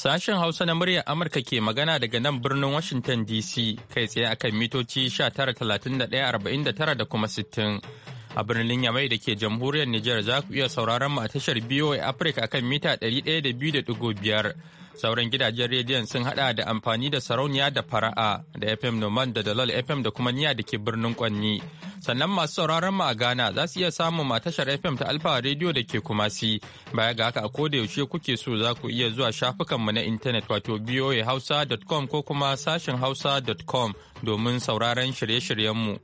Sashen Hausa na muryar Amurka ke magana daga nan birnin Washington DC kai tsaye akan mitoci 19,31,49 da kuma 60. a birnin Yamai da ke jamhuriyar Nijar za ku iya sauraron mu a tashar BOA Africa kan mita ɗari ɗaya da da biyu biyar Sauran gidajen rediyon sun haɗa da amfani da sarauniya da fara'a da FM Noman da Dalal FM da kuma niya da ke birnin Kwanni. Sannan masu sauraron mu a Ghana za su iya samun ma tashar FM ta Alfa Radio da ke Kumasi. Baya ga haka a koda yaushe kuke so za ku iya zuwa shafukan mu na intanet wato boahausa.com ko kuma sashen hausa.com domin sauraron shirye-shiryen mu.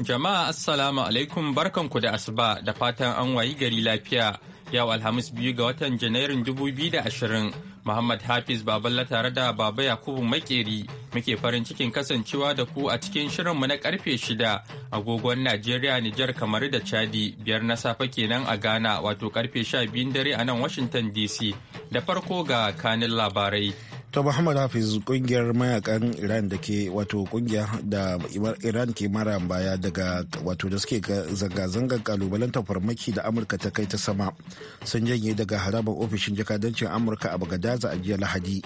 Jama'a Assalamu alaikum barkan ku da asuba da fatan an wayi gari lafiya. Yau Alhamis biyu ga watan Janairun ashirin, Muhammad Hafiz Baballa tare da Baba Yakubu Makeri muke farin cikin kasancewa da ku a cikin shirinmu na karfe shida agogon Najeriya, Nijar, kamar da Chadi biyar na safe kenan a Ghana wato karfe sha biyun dare a nan Washington DC da farko ga kanin labarai. ta muhammad hafiz kungiyar mayakan iran da ke wato kungiya da iran ke mara baya daga wato da suke zanga-zangar kalubalen farmaki da amurka ta kai ta sama sun janye daga harabar ofishin jakadancin amurka a bagadaza a jiya lahadi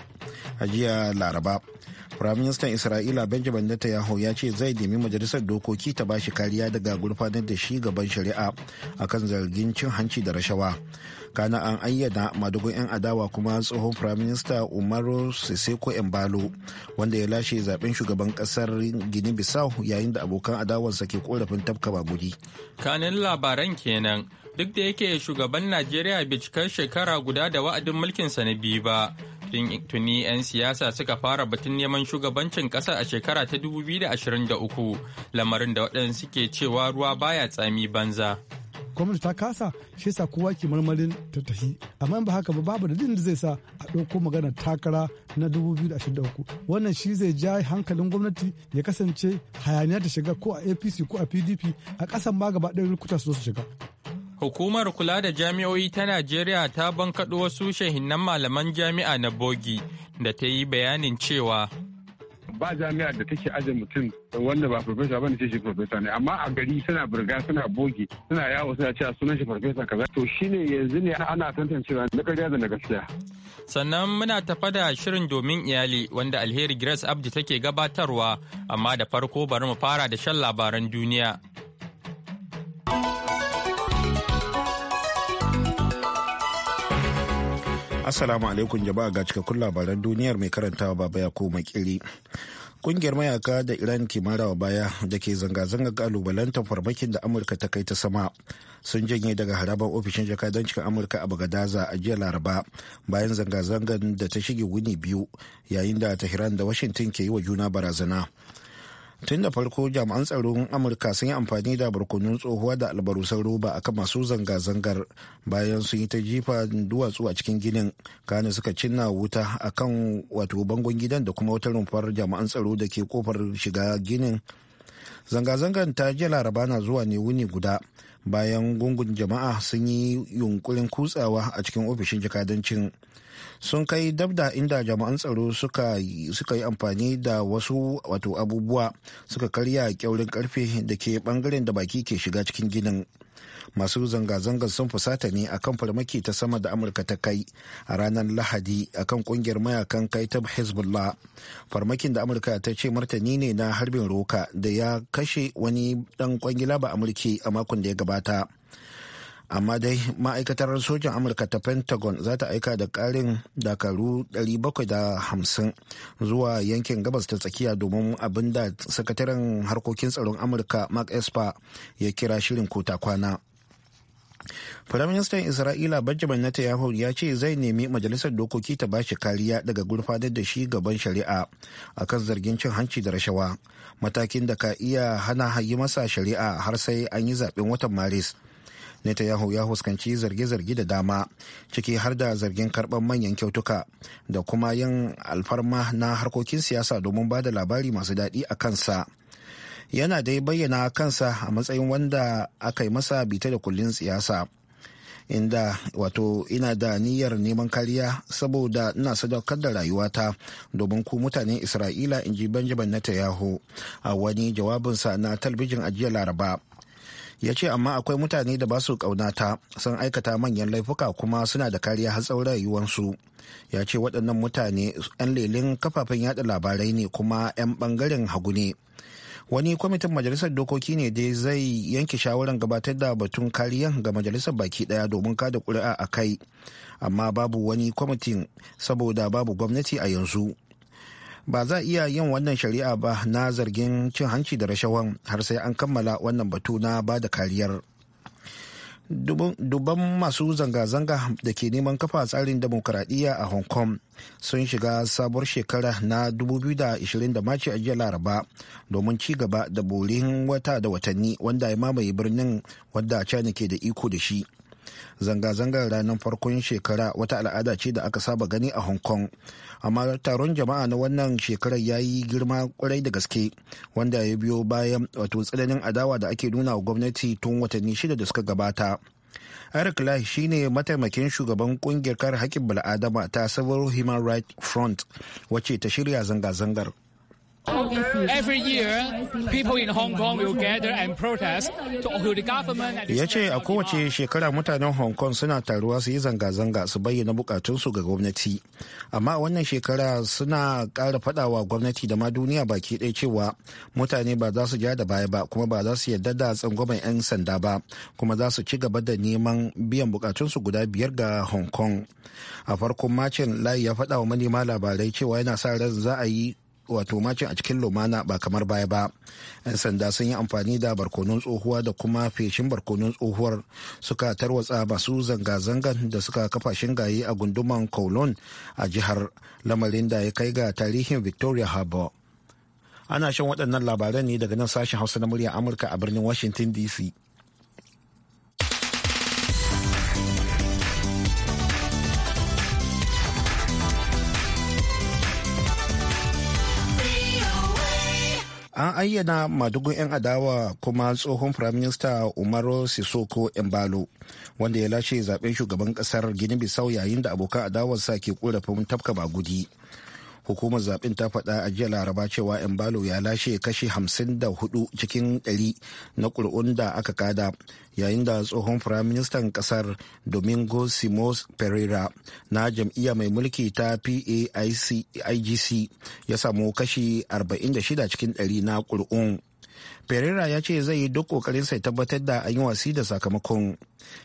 a jiya laraba firaministan isra'ila benjamin netanyahu ya ce zai nemi majalisar dokoki ta bashi kariya daga gurfanar da shi gaban shari'a akan zargin cin hanci da rashawa kana an ayyana madugun 'yan adawa kuma tsohon firaminista umaru siseko embalo wanda ya lashe zaben shugaban kasar gini bisau yayin da abokan adawarsa ke korafin tafka bagudi kanin labaran kenan duk da yake shugaban najeriya bai cikar shekara guda da wa'adin mulkinsa na biyu ba tuni 'yan siyasa suka fara batun neman shugabancin kasa a shekara ta 2023 lamarin da waɗansu ke cewa ruwa baya tsami banza gwamnati ta kasa shi yasa kowa ke marmarin ta tafi amma ba haka ba babu da da zai sa a ɗauko magana takara na 2023 wannan shi zai ja hankalin gwamnati ya kasance hayaniya ta shiga ko a apc ko a pdp a ƙasan ma gaba ɗaya rukuta su su shiga Hukumar kula da jami'o'i ta Najeriya ta bankaɗo wasu shahinnan malaman jami'a na bogi da ta yi bayanin cewa ba jami'a da take aje mutum wanda ba farfesa ba ne ce shi farfesa ne amma a gari suna birga suna boge suna yawo suna cewa sunan shi farfesa kaza to shine yanzu ne ana tantancewa na karya da na gaskiya sannan muna tafa da shirin domin iyali wanda alheri grace abdi take gabatarwa amma da farko bari mu fara da shan labaran duniya Assalamu alaikum jama'a ga cikakkun labaran duniyar mai karantawa baba ya koma kiri. Kungiyar mayaka da Iran ke marawa baya da ke zanga-zanga kalubalantar farmakin da Amurka ta kai ta sama sun janye daga harabar ofishin jakadancin Amurka a Bagadaza a jiya Laraba bayan zanga zangan da ta shige wuni biyu yayin da Tehran da Washington ke yi wa juna barazana. tun da farko jami'an tsaron amurka sun yi amfani da barkonun tsohuwa da albarusan roba a kan masu zanga-zangar bayan sun yi ta jifa duwatsu a cikin ginin kane suka cinna wuta a kan wato bangon gidan da kuma wutar rumfar jami'an tsaro da ke kofar shiga ginin zanga-zangar ta ji laraba na zuwa ne wuni guda bayan gungun jama'a sun yi yunkurin kutsawa a cikin ofishin jakadancin sun kai dabda inda jama'an tsaro suka yi amfani da wasu wato abubuwa suka karya kyaurin karfe da ke bangaren da baki ke shiga cikin ginin masu zanga-zangar sun fusata ne a kan farmaki ta sama da amurka ta kai a ranar lahadi a kan kungiyar mayakan kai ta hezbollah farmakin da amurka ta ce martani ne na harbin roka da ya kashe wani dan kwangila ba amurki a makon da ya gabata amma dai ma'aikatar sojin amurka ta pentagon za ta aika da karin dakaru 750 zuwa yankin gabas ta tsakiya domin abin da sakataren harkokin tsaron amurka mark esper ya kira shirin kota kwana Firaministan Isra'ila Benjamin Netanyahu ya ce zai nemi majalisar dokoki ta bashi kariya daga gurfanar da shi gaban shari'a akan zargin cin hanci da rashawa matakin da ka iya hana yi masa shari'a har sai an yi zaben watan Maris. netanyahu ya huskanci zarge-zarge da dama ciki har da zargin karɓar manyan kyautuka da kuma yin alfarma na harkokin siyasa domin ba da labari masu daɗi a kansa yana dai bayyana kansa a matsayin wanda aka yi masa bita da kullun siyasa inda wato ina da niyyar neman kariya saboda ina sadaukar da rayuwata domin ku mutanen isra'ila in ji benjamin netanyahu a wani jawabinsa na talbijin a laraba ya ce amma akwai mutane da ba su ƙaunata sun aikata manyan laifuka kuma suna da kariya har tsawon rayuwarsu ya ce waɗannan mutane 'yan lelin kafafen yada labarai ne kuma 'yan ɓangaren hagu ne wani kwamitin majalisar dokoki ne dai zai yanke shawarar gabatar da batun kariya ga majalisar baki daya domin kada kuri'a a kai amma babu wani kwamitin saboda babu gwamnati a yanzu ba za iya yin wannan shari'a ba na zargin cin hanci da rashawan har sai an kammala wannan batu na ba da kariyar dubban masu zanga-zanga da ke neman kafa tsarin demokuraɗiyya a hong kong sun shiga sabuwar shekara na 2020 da maci a jiya laraba domin ci gaba da borin wata da watanni wanda ya mamaye birnin wadda china ke da iko da shi zanga-zangar ranar farkon shekara wata al'ada ce da aka saba gani a hong kong amma taron jama'a na wannan shekarar ya yi girma kwarai da gaske wanda ya biyo bayan wato tsananin adawa da ake nuna wa gwamnati tun watanni shida da suka gabata eric lai shine mataimakin shugaban kungiyar kare haƙƙin bala'adama ta civil human rights front wacce ta shirya zanga-zangar Ya ce a kowace shekara mutanen Hong Kong suna taruwa su yi zanga-zanga su bayyana bukatunsu ga gwamnati. Amma a wannan shekara suna kara fadawa gwamnati da ma duniya baki ɗaya cewa mutane ba za su ja da baya ba kuma ba za su yarda da tsangwamen 'yan sanda ba kuma za su ci gaba da neman biyan bukatunsu guda biyar ga Hong Kong. A farkon macin layi ya faɗa wa manema labarai cewa yana sa ran za a yi wato macin a cikin lumana ba kamar baya ba yan sanda sun yi amfani da barkonon tsohuwa da kuma feshin barkonon tsohuwar suka tarwatsa masu zanga-zangan da suka kafa shingaye a gunduman kowloon a jihar lamarin da ya kai ga tarihin victoria harbour ana shan waɗannan labaran ne daga nan sashen hausa na murya amurka a birnin washington dc an ayyana madugun 'yan adawa kuma tsohon firaminista umaru sisoko Imbalo, wanda ya lashe zaben shugaban kasar gini bisau yayin da abokan adawarsa ke korafin tafka magudi hukumar zaben ta faɗa a jiya laraba cewa embalo ya lashe kashi 54 cikin ɗari na ƙuri'un da aka kada yayin da tsohon firaministan ƙasar domingo simos pereira na jam'iyya mai mulki ta paigc ya samu kashi 46 cikin 100 na ƙuri'un Pereira ya ce zai yi duk kokarin sai tabbatar da an yi wasi da sakamakon.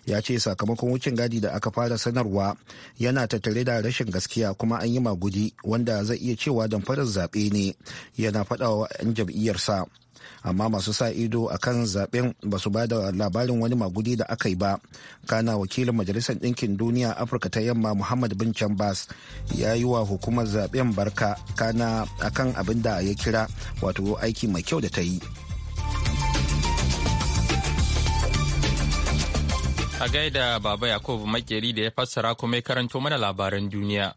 Ya ce sakamakon wucin gadi da aka fara sanarwa yana tattare da rashin gaskiya kuma an yi magudi wanda zai iya cewa damfarar zaɓe ne yana faɗawa 'yan jam'iyyarsa. amma masu sa ido a kan zaben ba su ba da labarin wani magudi da aka yi ba kana wakilin majalisar ɗinkin duniya afirka ta yamma muhammad bin chambers ya yi wa hukumar zaben barka kana akan abin da ya kira wato aiki mai kyau da ta yi a gaida baba yakubu makeri da ya fassara kuma ya karanto mana labaran duniya.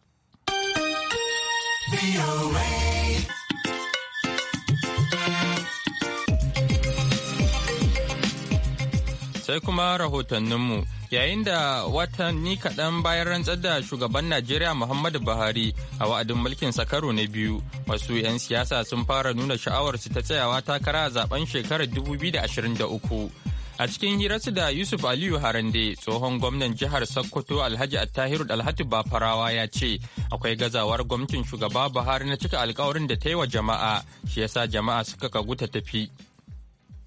sai kuma rahotanninmu yayin da watanni kaɗan bayan rantsar da shugaban najeriya muhammadu buhari a wa'adin mulkin Sakaro na biyu wasu 'yan siyasa sun fara nuna sha'awarsu ta tsayawa takara a zaben shekarar 2023 a cikin hirarsu da yusuf aliyu harande tsohon gwamnan jihar sokoto alhaji attahiru alhatu bafarawa ya ce akwai gazawar gwamnatin shugaba buhari na cika alkawarin da ta yi wa jama'a shi yasa jama'a suka kagu ta tafi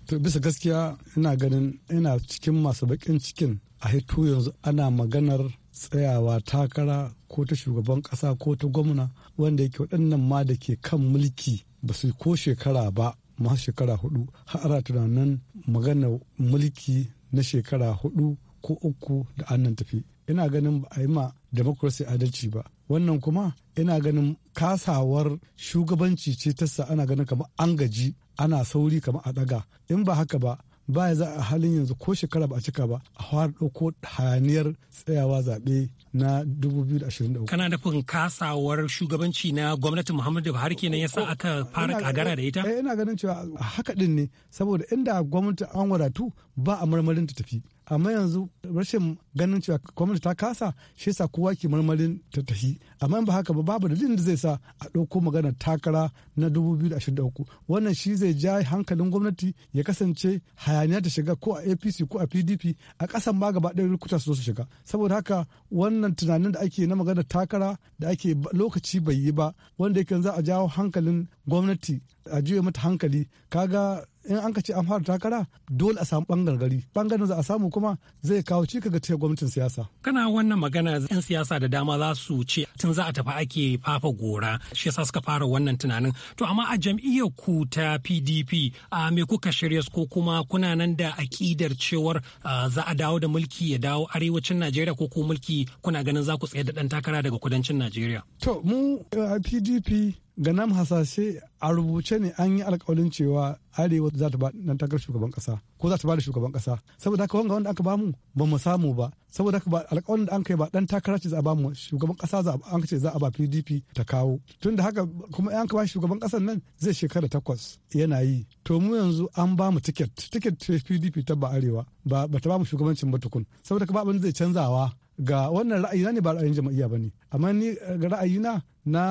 to bisa gaskiya ina ganin ina cikin masu bakin cikin a hito yanzu ana maganar tsayawa takara ko ta shugaban ƙasa ko ta gwamna wanda yake waɗannan ma da ke kan mulki ba su ko shekara ba ma shekara hudu har tunanin maganar mulki na shekara hudu ko uku da annan tafi ina ganin ba a yi ma democracy adalci ba wannan kuma ina ganin kasawar shugabanci ce ta sa ana ganin kamar an gaji ana sauri kamar a ɗaga in ba haka ba ba ya za a halin yanzu ko shekara ba a cika ba a fara ɗauko hayaniyar tsayawa zaɓe na 2023. Kana nufin kasawar shugabanci na gwamnati Muhammadu Buhari kenan yasa aka fara kagara da ita? Eh ina ganin cewa haka din ne saboda inda gwamnati an wadatu ba a marmarin ta tafi. amma yanzu rashin ganin cewa gwamnati ta kasa shi sa kowa ke marmarin ta tafi amma ba haka ba babu dalilin da zai sa a ɗauko magana takara na 2023 wannan shi zai ja hankalin gwamnati ya kasance hayaniya ta shiga ko a apc ko a pdp a ƙasan ma gaba ɗaya rukuta su su shiga saboda haka wannan tunanin da ake na magana takara da ake lokaci bai yi ba wanda yake za a jawo hankalin gwamnati a juya mata hankali kaga in an ka ce an fara takara dole a samu bangaren gari bangaren za a samu kuma zai kawo cika ga ta gwamnatin siyasa kana wannan magana yan siyasa da dama za su ce tun za a tafi ake fafa gora shi yasa suka fara wannan tunanin to amma a jam'iyyar ku ta PDP a me kuka shirya ko kuma kuna nan da akidar cewar za a dawo da mulki ya dawo arewacin Najeriya ko ko mulki kuna ganin za ku tsaye da dan takara daga kudancin Najeriya to mu PDP ganam hasashe a rubuce ne an yi alkawalin cewa arewa za ta ba nan takar shugaban kasa ko za ta ba da shugaban kasa saboda haka wanga wanda aka bamu ba mu samu ba saboda haka ba alkawalin da an kai ba dan takara ce za a bamu shugaban kasa za an ce za a ba PDP ta kawo tunda haka kuma an ka ba shugaban kasan nan zai shekara takwas yana yi to mu yanzu an ba mu tiket tiket PDP ta ba arewa ba ba ta ba mu shugabancin ba tukun saboda haka ba abin zai canzawa ga wannan ra'ayina ne ba ra'ayin jama'iyya ba ne amma ni eh, ga ra'ayina na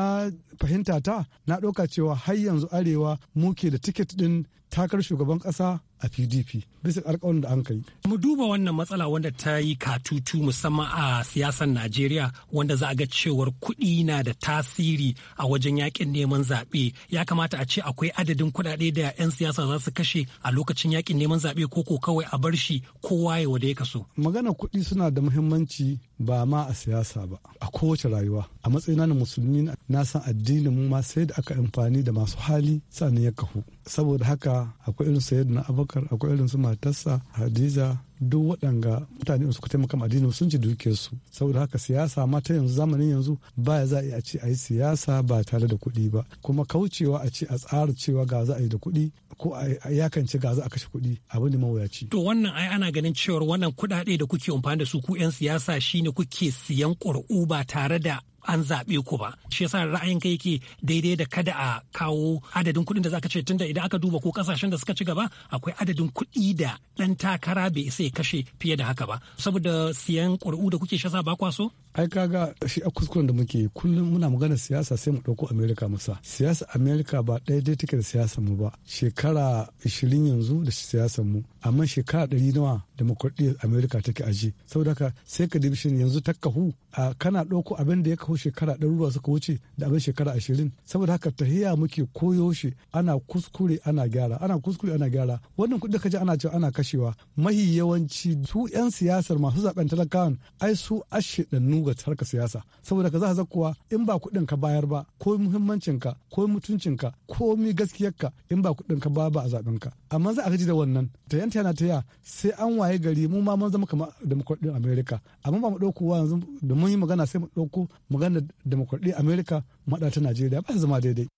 fahimta ta na ɗauka cewa har yanzu arewa muke da tiket ɗin takar shugaban kasa a pdp bisa alkawarin da an kai mu duba wannan matsala wanda ta yi katutu musamman a siyasar najeriya wanda za a ga cewar kuɗi na da tasiri a wajen yakin neman zaɓe ya kamata a ce akwai adadin kuɗaɗe da 'yan siyasa za su kashe a lokacin yakin neman zaɓe ko ko kawai a bar shi kowa ya wada ya kaso magana kuɗi suna da muhimmanci ba ma a siyasa ba a kowace rayuwa a matsayin na musulmi na san addinin mu ma sai da aka amfani da masu hali sannan ya kahu saboda haka akwai irin sayar na abakar akwai irin su matarsa hadiza duk waɗanga mutane suka taimaka addinin sun ci dukiyarsu saboda haka siyasa ma ta yanzu zamanin yanzu baya za a iya ce a yi siyasa ba tare da kuɗi ba kuma kaucewa a ce a tsara cewa ga za a yi da kuɗi ko a yakance ga za a kashe kuɗi abu ne mawuyaci. To wannan ai ana ganin cewar wannan kuɗaɗe da kuke amfani da su ku 'yan siyasa shine kuke siyan ƙuri'u ba tare da an zaɓe ku ba shi yasa ra'ayin kai yake daidai da kada a kawo adadin kuɗin da zaka ce tunda idan aka duba ko kasashen da suka ci gaba akwai adadin kuɗi da ɗan takara bai isa ya kashe fiye da haka ba saboda siyan ƙuri'u da kuke shasa ba kwa so ai kaga shi a kuskuren da muke kullum muna magana siyasa sai mu ɗauko america musa siyasa america ba ɗaya dai take da siyasa mu ba shekara 20 yanzu da siyasa mu amma shekara ɗari nawa demokradiyyar america take aji saboda haka sai ka dibi yanzu ta kahu a kana ɗauko abin da ya kahu shekara ɗaruruwa suka wuce da abin shekara ashirin saboda haka tahiya muke koyo shi ana kuskure ana gyara ana kuskure ana gyara wannan kuɗi ka ji ana cewa ana kashewa mahi yawanci su 'yan siyasar masu zaben talakawan ai su ashe ɗannu ga harkar siyasa saboda ka za ka kuwa in ba kuɗin ka bayar ba ko muhimmancin ka ko mutuncin ka ko mi gaskiyar ka in ba kuɗin ka ba ba a zaben ka amma za a gaji da wannan ta yanta yana ta sai an waye gari mu ma mun zama kamar demokradiyyar Amerika amma ba mu ɗauko yanzu da mun yi magana sai mu ɗauko magana demokradiyyar Amerika maɗa ta Najeriya ba zama daidai.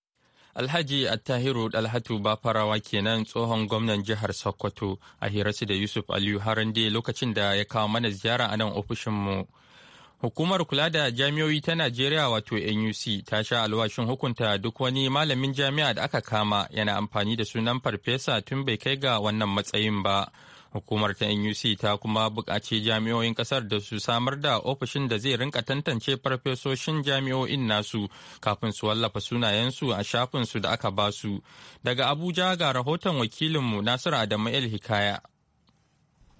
Alhaji Attahiru Dalhatu Bafarawa kenan tsohon gwamnan jihar Sokoto a hirarsu da Yusuf Aliyu Harande lokacin da ya kawo mana ziyara a nan ofishinmu. Hukumar kula da jami'o'i ta Najeriya wato NUC ta sha alwashin hukunta duk wani malamin jami'a da aka kama yana amfani da sunan farfesa tun bai kai ga wannan matsayin ba. Hukumar ta NUC ta kuma buƙaci jami'o'in ƙasar da su samar da ofishin da zai rinka tantance farfesoshin jami'o'in nasu kafin su wallafa sunayensu a shafinsu da aka basu. Daga Abuja ga rahoton wakilinmu Nasiru Adamu El Hikaya.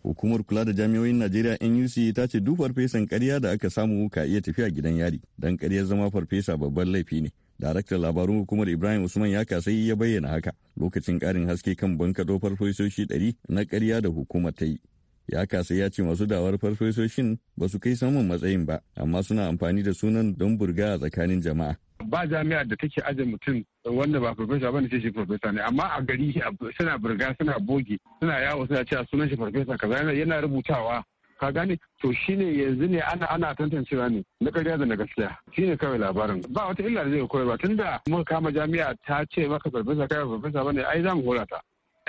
Hukumar kula da jami'oyin Najeriya NUC ta ce duk farfesan karya da aka samu ka iya tafiya gidan yari don karyar zama farfesa babban laifi ne. Daraktan labarun hukumar Ibrahim Usman ya kasai ya bayyana haka lokacin karin haske kan bankaɗo farfesoshi ɗari na karya da hukumar ta yi. ya kasa ya ce masu dawar farfesoshin ba su kai samun matsayin ba amma suna amfani da sunan don burga a tsakanin jama'a ba jami'a da take aje mutum wanda ba farfesa ba ce shi farfesa ne amma a gari suna burga suna boge suna yawo suna cewa sunan shi farfesa kaza yana rubutawa ka gane to shine yanzu ne ana ana tantancewa ne na karya da na gaskiya shine kawai labarin ba wata illa da zai koyi ba tunda muka kama jami'a ta ce maka farfesa kai farfesa bane ai za mu hora ta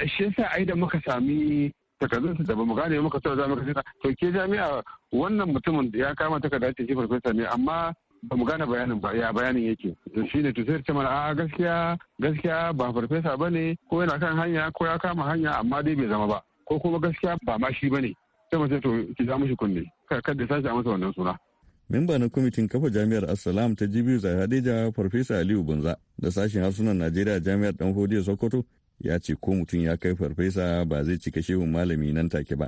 shi yasa ai da muka sami takardun su da ba mu gane muka tsara kashe ta to ke jami'a wannan mutumin ya kama takarda ce shi farfesa ne amma ba mu gane bayanin ba ya bayanin yake to shine to sai ta mana a gaskiya gaskiya ba farfesa bane ko yana kan hanya ko ya kama hanya amma dai bai zama ba ko kuma gaskiya ba ma shi bane sai mace to ki za mushi kunne ka sashi a masa wannan suna Memba na kwamitin kafa jami'ar Assalam ta Jibiyu Zahadeja Farfesa Aliyu Bunza da sashen harsunan Najeriya Jami'ar Dan Hodiyo Sokoto ya ce ko mutum ya kai farfesa ba zai cika shehun malami nan take ba.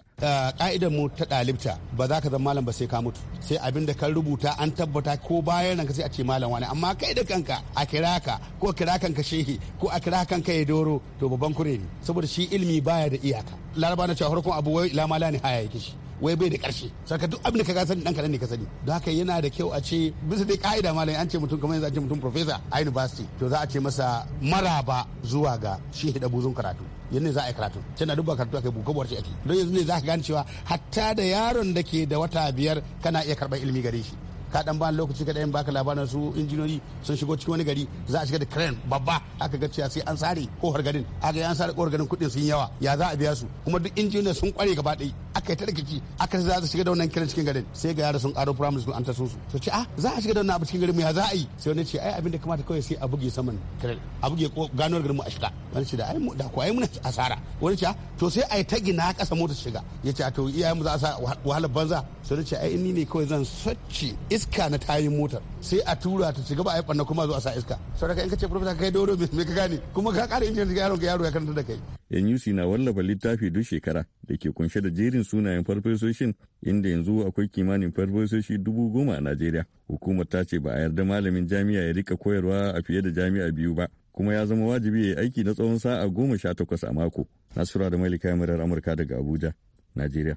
ka'idar mu ta dalibta ba za ka zama malam ba sai ka mutu sai abin da ka rubuta an tabbata ko bayan ka sai a ce malam wani amma kai da kanka a kira ka ko a kira kanka shehi ko a kira kanka ya doro to babban kure ne saboda shi ilimi baya da iyaka laraba na cewa farkon abu wai lamala ne haya yake shi wai bai da karshe saka duk abin da ka sani dan kaɗan ne ka sani don haka yana da kyau a ce bisa dai ka'ida malam an ce mutum kamar yanzu an ce mutum professor a university to za a ce masa maraba zuwa ga shi da buzun karatu yanzu ne za a yi karatu tana duba karatu aka kai buka buwar ake don yanzu ne za ka gane cewa hatta da yaron da ke da wata biyar kana iya karɓar ilimi gare shi ka dan bani lokaci ka dan baka labarin su injiniyoyi sun shigo cikin wani gari za a shiga da crane babba aka ga cewa sai an sare kohar garin aka an sare kohar garin kuɗin sun yawa ya za a biya su kuma duk injiniyoyi sun kware gaba ɗaya aka yi ta rikici aka za su shiga da wannan kiran cikin garin sai ga yara sun karo primary school an taso su to ce ah za a shiga da wannan abu cikin garin mu ya za a yi sai wani ce ai abin da kamata kawai sai a buge saman crane a buge ganuwar garin mu a shiga wani ce da ai da ko ai muna asara wani ce ah, to sai ai ta gina kasa mota shiga ya ce ah, to iyayen mu za a sa wahalar banza sai ce ai ni ne kawai zan sace iska na tayin motar sai a tura ta ci gaba a yi ɓanna kuma zo a sa iska saboda in ka ce profesa kai doro me ka gane kuma ka ƙara injin yaron ka yaro ya karanta da kai NUC na wallafa littafi duk shekara da ke kunshe da jerin sunayen farfesoshin inda yanzu akwai kimanin farfesoshi dubu goma a Najeriya. Hukumar ta ce ba a yarda malamin jami'a ya rika koyarwa a fiye da jami'a biyu ba, kuma ya zama wajibi ya yi aiki na tsawon sa'a goma sha takwas a mako. Nasura da Malika Murar Amurka daga Abuja, Najeriya.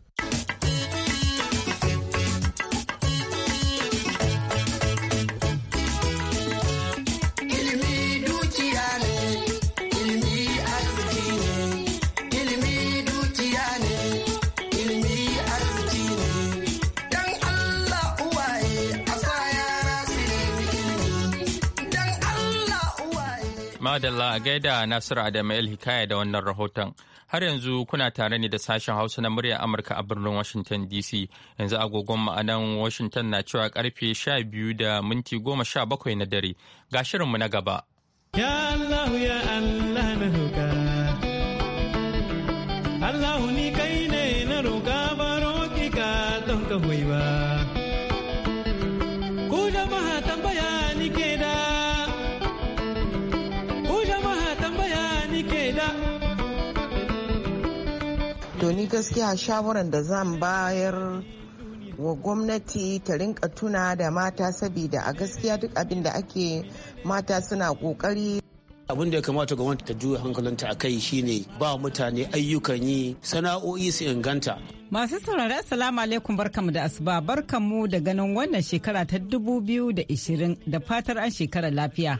Madalla a gaida Nasiru adama El Hikaya da wannan rahoton. Har yanzu kuna tare ne da sashen Hausa na muryar Amurka a birnin Washington DC. Yanzu agogon ma'anan Washington na cewa karfe 12 da minti 17 na dare. Ga shirinmu na gaba. Ya Allah ya Allah na roƙa. Allah ni gaskiya shawaran da zan bayar wa gwamnati ta rinka tuna da mata sabida a gaskiya duk abin da ake mata suna kokari abin da ya kamata gwamnati ta juya hankalinta a kai shine ba mutane ayyukan yi sana'o'i su inganta masu saurari assalamu alaikum barkamu da asuba barkamu da ganin wannan shekara ta 2020 da fatar an shekara lafiya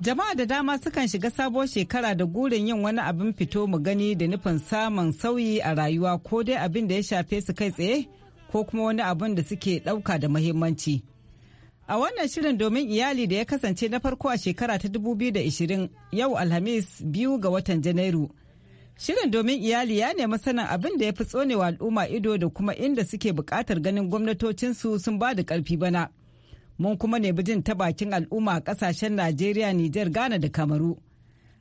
Jama'a da dama sukan shiga sabuwar shekara da gurin yin wani abin fito mu gani da nufin samun sauyi a rayuwa ko dai abin da ya shafe su kai tsaye ko kuma wani abin da suke ɗauka da muhimmanci. A wannan shirin domin iyali da ya kasance na farko a shekara ta 2020 yau Alhamis biyu ga watan Janairu. Shirin domin iyali ya nemi sanin abin da ya fi tsonewa al'umma ido da kuma inda suke buƙatar ganin gwamnatocinsu sun ba da ƙarfi bana. mun kuma nemi jin ta bakin al'umma a kasashen Najeriya, Nijar, Ghana da Kamaru.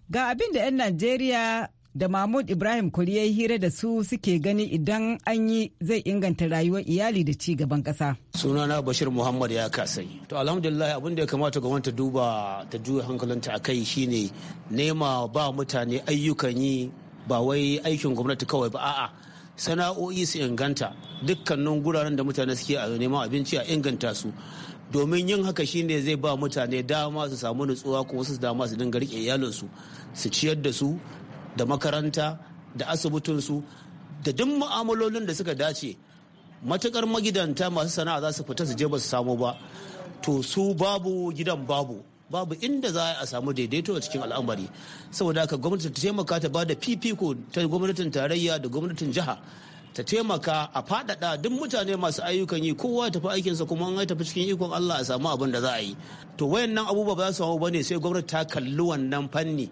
Ga abin da 'yan Najeriya da Mahmud Ibrahim Kuri ya yi hira da su suke gani idan an yi zai inganta rayuwar iyali da ci gaban ƙasa. Sunana Bashir Muhammad ya kasai. To alhamdulillah abin da ya kamata gwamnati ta duba ta juya hankalinta a kai shine nema ba mutane ayyukan yi ba wai aikin gwamnati kawai ba a'a sana'o'i su inganta dukkanin guraren da mutane suke a neman abinci a inganta su domin yin haka shine zai ba mutane dama su samu nutsuwa kuma su dama su dinga rike iyalinsu su ciyar da su da makaranta da asibitinsu da duk ma'amalolin da suka dace matukar magidanta masu sana'a za su fita su je ba su samu ba to su babu gidan babu babu inda za a samu daidaito a cikin al'amari saboda haka gwamnati ta taimaka ta ba da fifiko ta gwamnatin tarayya da gwamnatin jiha ta taimaka a faɗaɗa duk mutane masu ayyukan yi kowa tafi aikinsa kuma an tafi cikin ikon Allah a samu abin da za a yi to wayannan abubuwa ba za su samu bane sai gwamnati ta kalli wannan fanni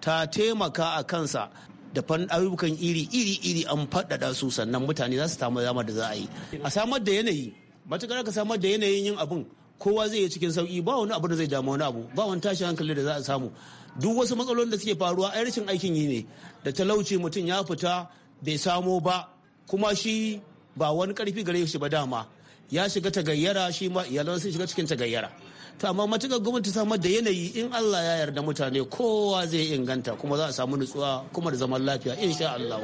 ta taimaka a kansa da fan ayyukan iri iri iri an faɗaɗa su sannan mutane za su samu dama da za a yi a samar da yanayi matukar ka samar da yanayin yin abin kowa zai yi cikin sauki ba wani abu da zai damu wani abu ba wani tashin hankali da za a samu duk wasu matsalolin da suke faruwa a rashin aikin yi ne da talauci mutum ya fita bai samo ba kuma shi ba wani karfi gare shi ba dama ya shiga tagayyara shi ma iyalan sun shiga cikin tagayyara to amma matukar gwamnati samar da yanayi in Allah ya yarda mutane kowa zai inganta kuma za a samu nutsuwa kuma da zaman lafiya in sha Allah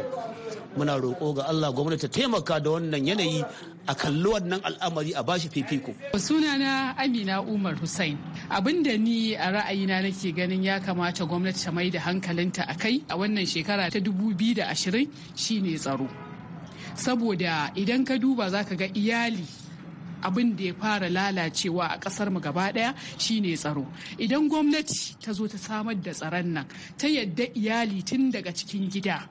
muna roƙo ga Allah gwamnati ta taimaka da wannan yanayi a kalli wannan al'amari a bashi fifiko sunana Amina Umar Hussein da ni a ra'ayina nake ganin ya kamata gwamnati ta mai da hankalinta a kai a wannan shekara ta biyu da 2020 shine tsaro saboda idan ka duba za ka ga iyali abin da ya fara lalacewa a kasar mu gaba daya shine tsaro idan gwamnati ta zo ta samar da tsaron nan ta yadda iyali tun daga cikin gida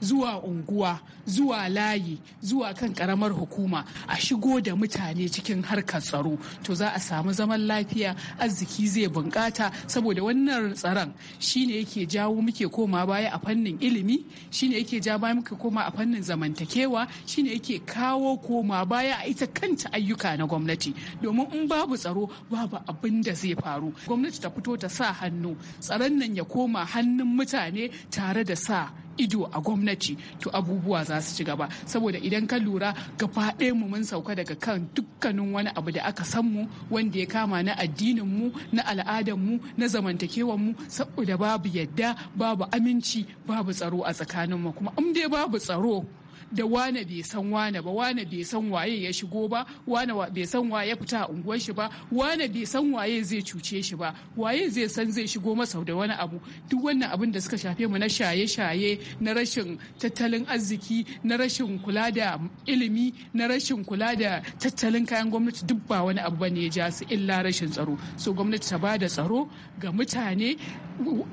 zuwa unguwa zuwa layi zuwa kan karamar hukuma a shigo da mutane cikin harkar tsaro to za a samu zaman lafiya arziki zai bunƙata saboda wannan tsaron shine yake jawo muke koma baya a fannin ilimi shine yake ja baya muke koma a fannin zamantakewa shine yake kawo koma baya a ita kanta ayyuka na gwamnati domin in babu tsaro babu abin da zai faru gwamnati ta fito ta sa hannu tsaron nan ya koma hannun mutane tare da sa ido a gwamnati to abubuwa za su ci gaba saboda idan ka lura gaba mu mun sauka daga kan dukkanin wani abu da aka san mu wanda ya kama na addinin mu na al'adan mu na zamantakewan mu saboda babu yadda babu aminci babu tsaro a tsakanin mu kuma in dai babu tsaro da wane bai san wane ba wane bai san waye ya shigo ba wane bai san waye ya fita a unguwar shi ba wane bai san waye zai cuce shi ba waye zai san zai shigo masa da wani abu duk wannan abin da suka shafe mu na shaye-shaye na rashin tattalin arziki na rashin kula da ilimi na rashin kula da tattalin kayan gwamnati duk ba wani abu bane ya ja su illa rashin tsaro so gwamnati ta bada tsaro ga mutane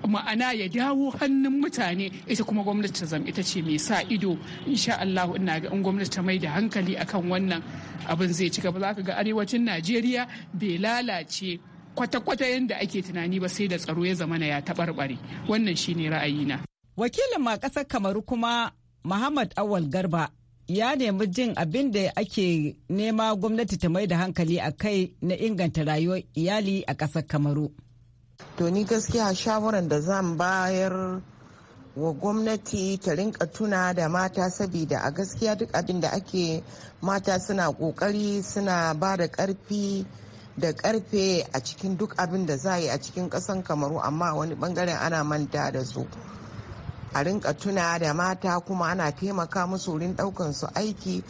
ma'ana ya dawo hannun mutane ita kuma gwamnati ta zama ita ce mai sa ido insha Allah ina ga in gwamnati ta mai da hankali akan wannan abin zai ci gaba za ka ga arewacin Najeriya bai lalace kwata-kwata yadda ake tunani ba sai da tsaro ya zamana ya taɓarɓare wannan shine na. wakilin ma ƙasar kamaru kuma Muhammad Awal Garba ya nemi jin abin da ake nema gwamnati ta mai da hankali a kai na inganta rayuwar iyali a ƙasar Kamaru. To ni gaskiya shawaran da zan bayar wa gwamnati ta rinka tuna da mata sabida a gaskiya duk abin da ake mata suna kokari suna ba da karfi da karfe a cikin duk abin da za yi a cikin kasan kamaru amma wani bangaren ana manta da su a rinka tuna da mata kuma ana taimaka musu wurin daukan su aiki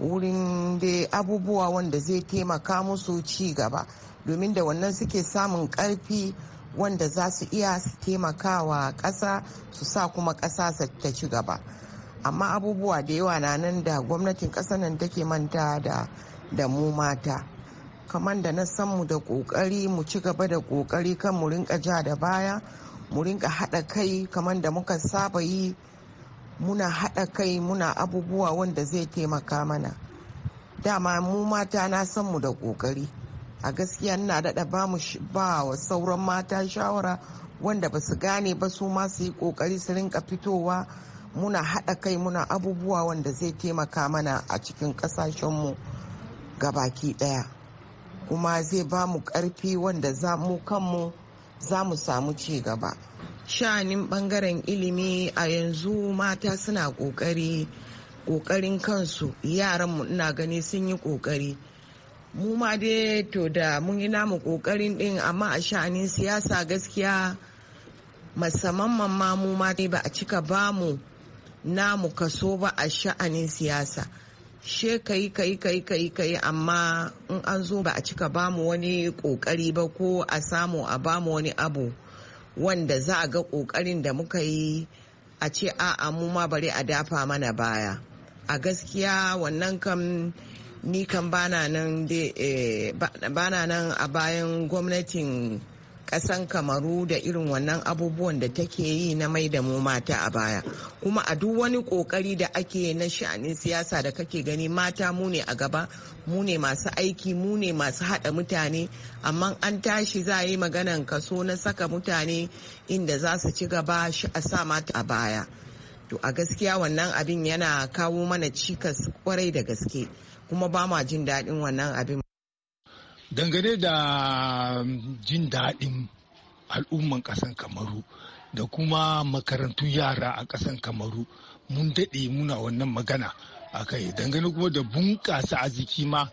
wurin da abubuwa wanda zai taimaka musu ci gaba domin da wannan suke samun karfi wanda za su iya su taimakawa ƙasa su sa kuma ƙasa ta ci gaba amma abubuwa da yawa na nan da gwamnatin ƙasar nan take manta da mu mata kamar da na san mu da ƙoƙari mu ci gaba da ƙoƙari kan mu rinka ja da baya mu rinka haɗa kai kamar da muka saba yi muna haɗa kai muna abubuwa wanda zai taimaka mana dama mu mata na san mu da ƙoƙari a gaskiya nina daɗa ba ba wa sauran mata shawara wanda ba su gane ba su ma su yi ƙoƙari su rinka fitowa muna haɗa kai muna abubuwa wanda zai taimaka mana a cikin ga baki ɗaya kuma zai ba mu ƙarfi wanda za mu kanmu za mu samu ci gaba sha'anin ɓangaren ilimi a yanzu mata suna ƙoƙari ƙoƙarin kansu yaranmu ina gani sun yi ƙoƙari mu ma dai to da mun yi namu kokarin din amma a sha'anin siyasa gaskiya musamman ma mu ma dai ba a cika bamu namu kaso ba a sha'anin siyasa she kai kai kai kai kai amma in an zo ba a cika bamu wani kokari ba ko a samu a bamu wani abu wanda za a ga kokarin da muka yi a ce a'a mu ma bari a dafa mana baya a gaskiya wannan kam ni kan bana nan eh, nan a bayan gwamnatin kasan kamaru da irin wannan abubuwan da take yi na mai da mu mata a baya kuma a duk wani kokari da ake na sha'anin siyasa da kake gani mata mu ne a gaba mu ne masu aiki mu ne masu hada mutane amma an tashi za a yi maganan kaso na saka mutane inda za su ci gaba shi a sa mata a baya to a gaskiya wannan abin yana kawo mana cikas kwarai da gaske kuma ba ma jin daɗin wannan abin. Dangane da jin daɗin al'umman ƙasan Kamaru da kuma makarantun yara a ƙasan Kamaru mun daɗe muna wannan magana a kai dangane kuma da bunƙasa arziki ma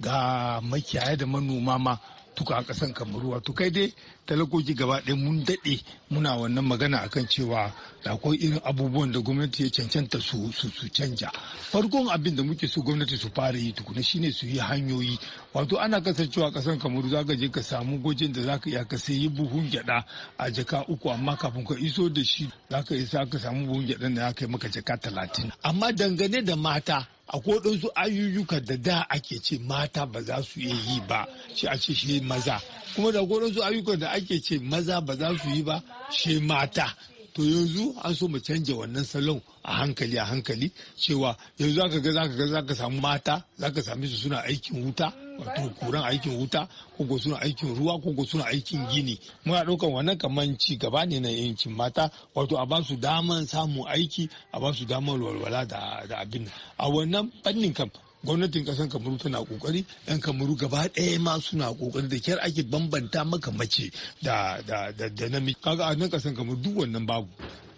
ga makiyaya da manoma ma tuka a ƙasan Kamaru wato kai dai talakoki gaba ɗaya mun daɗe muna wannan magana akan cewa da akwai irin abubuwan da gwamnati ya cancanta su su canja farkon abin da muke so gwamnati su fara yi tukuna shine su yi hanyoyi wato ana kasancewa kasan kamaru zaka je ka samu gojin da zaka iya ka sayi buhun gyada a jaka uku amma kafin ka iso da shi zaka isa ka samu buhun gyadan da zaka yi maka jaka talatin amma dangane da mata akwai su ayyuka da da ake ce mata ba za su iya yi ba shi a ce shi maza kuma da akwai ayyuka ayyukan da ake ce maza ba za su yi ba shi mata to yanzu an so mu canja wannan salon a hankali a hankali cewa yanzu aka ga zaka ga zaka samu mata zaka same su suna aikin wuta wato kuran aikin wuta ko suna aikin ruwa ko suna aikin gini muna ɗaukan wannan kaman ci gaba ne na yankin mata wato a ba su daman samun aiki a ba su daman walwala da abin a wannan fannin kam gwamnatin kasan kamaru tana kokari yan kamaru gaba ɗaya ma suna kokari da kyar ake bambanta maka mace da da da da namiji kaga a nan kasan kamaru duk wannan babu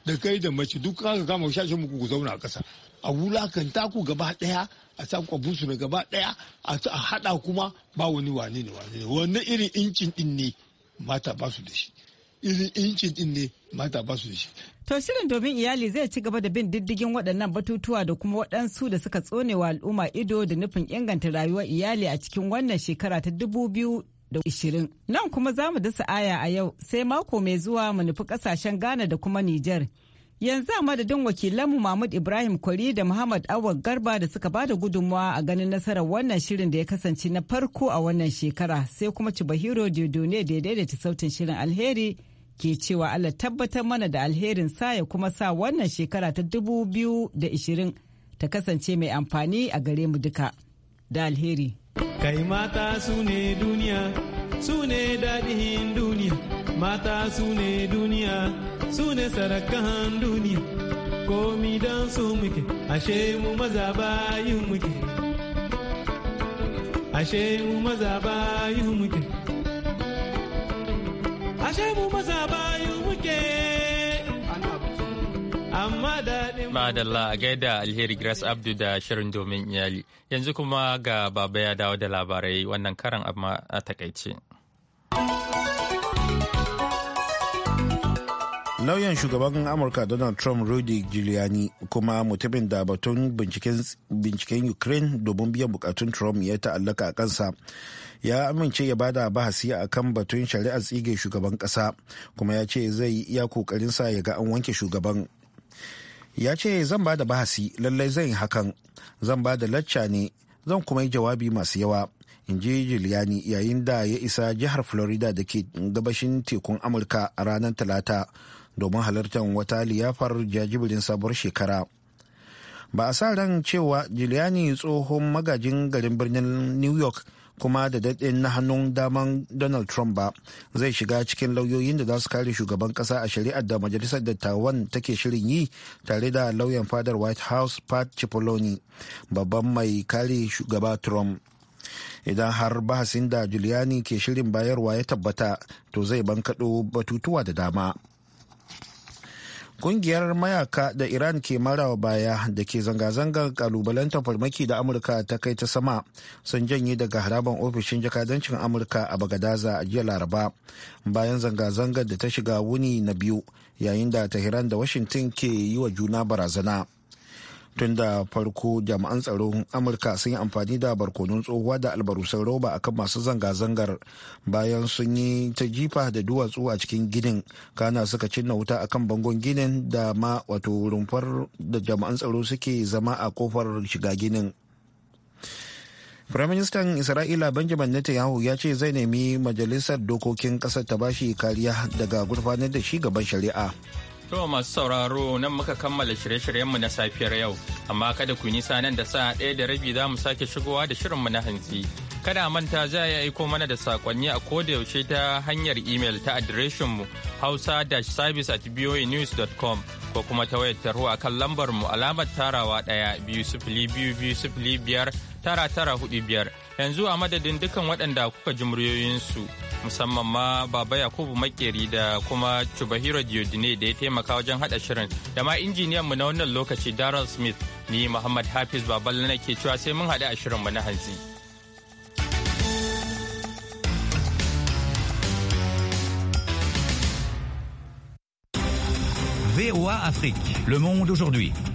da kai da mace duk kaga kama shashin muku ku zauna a kasa a wulakanta ku gaba ɗaya a sa na gaba ɗaya a haɗa kuma ba wani wane ne wane ne wannan irin incin ɗin ne mata ba su da shi irin din ne mata ba su shi. To shirin domin iyali zai ci gaba da bin diddigin waɗannan batutuwa da kuma waɗansu da suka tsone wa al'umma ido da nufin inganta rayuwar iyali a cikin wannan shekara ta dubu biyu da ishirin. Nan kuma za mu dasa aya a yau sai mako mai zuwa mu nufi ƙasashen Ghana da kuma Nijar. Yanzu a madadin wakilanmu Mahmud Ibrahim Kwari da Muhammad Awa Garba da suka bada gudunmawa a ganin nasarar wannan shirin da ya kasance na farko a wannan shekara sai kuma Cibahiro Dodone da ya daidaita sautin shirin alheri ke cewa Allah tabbatar mana da alherin sa ya kuma sa wannan shekara ta 2020 ta kasance mai amfani a gare mu duka da alheri. Kai mata su ne duniya, su ne daɗin duniya, mata su ne duniya, su ne sarakan duniya, komi don su muke, ashe mu maza bayin muke, ashe mu maza bayin muke. ashe mu maza bayu muke amma daɗin madalla a gaida alheri grace abdu da shirin domin iyali yanzu kuma ga baba ya dawo da labarai wannan karan amma a takaice lauyan shugaban amurka donald trump rudy giuliani kuma mutumin da batun binciken ukraine domin biyan bukatun trump ya ta'allaka a kansa ya amince ya bada bahasi a kan batun shari'ar tsige shugaban kasa kuma ya ce zai yi iya sa ya ga an wanke shugaban ya ce zan bada bahasi lallai zan yi hakan zan bada lacca ne zan kuma yi jawabi masu yawa in ji Giuliani yayin da ya isa jihar Florida da ke gabashin tekun Amurka a ranar Talata domin halartar wata liyafar jajibirin sabuwar shekara. Ba a sa ran cewa Giuliani tsohon magajin garin birnin New York kuma da daɗin na hannun daman donald trump ba zai shiga cikin lauyoyin da za su kare shugaban ƙasa a shari'ar da majalisar dattawan take shirin yi tare da lauyan fadar white house pat cipollone babban mai kare shugaba trump idan har bahasin da giuliani ke shirin bayarwa ya tabbata to zai bankaɗo batutuwa da dama Kungiyar mayaka da Iran ke marawa baya da ke zanga-zangar kalubalen tafarmaki da Amurka ta kai ta sama sun janye daga haraban ofishin jakadancin Amurka a Bagadaza a jiya Laraba bayan zanga-zangar da ta shiga wuni na biyu yayin da Tehran da Washington ke yi wa juna barazana. tun da farko jami'an tsaron amurka sun yi amfani da barkonon tsohuwa da albarusan roba akan masu zanga-zangar bayan sun yi ta jifa da duwatsu a cikin ginin kana suka cinna wuta akan bangon ginin da ma wato rumfar da jami'an tsaro suke zama a kofar shiga ginin Firaministan Isra'ila Benjamin Netanyahu ya ce zai nemi majalisar dokokin kasar ta bashi kariya daga gurfanar da shi gaban shari'a. To masu sauraro nan muka kammala shirye-shiryenmu na safiyar yau, amma kada ku nisa nan da sa ɗaya da rabi za mu sake shigowa da shirinmu na hantsi. Kada manta za a aiko mana da saƙonni a yaushe ta hanyar imel ta adireshinmu hausa-service at com ko kuma ta wayar taro a kan lambar mu alamar tarawa ɗaya biyu sifili biyu biyu sifili biyar tara tara hudu biyar yanzu a madadin dukan waɗanda kuka ji muryoyinsu. musamman ma Baba Yakubu Makeri da kuma Chubahiro Diodine da ya taimaka wajen hada shirin da ma injiniyan mu na wannan lokaci Daryl Smith ni Muhammad Hafiz Baballe ke cewa sai mun haɗu a shirin mu na hanzi VOA Afrique. Le monde aujourd'hui.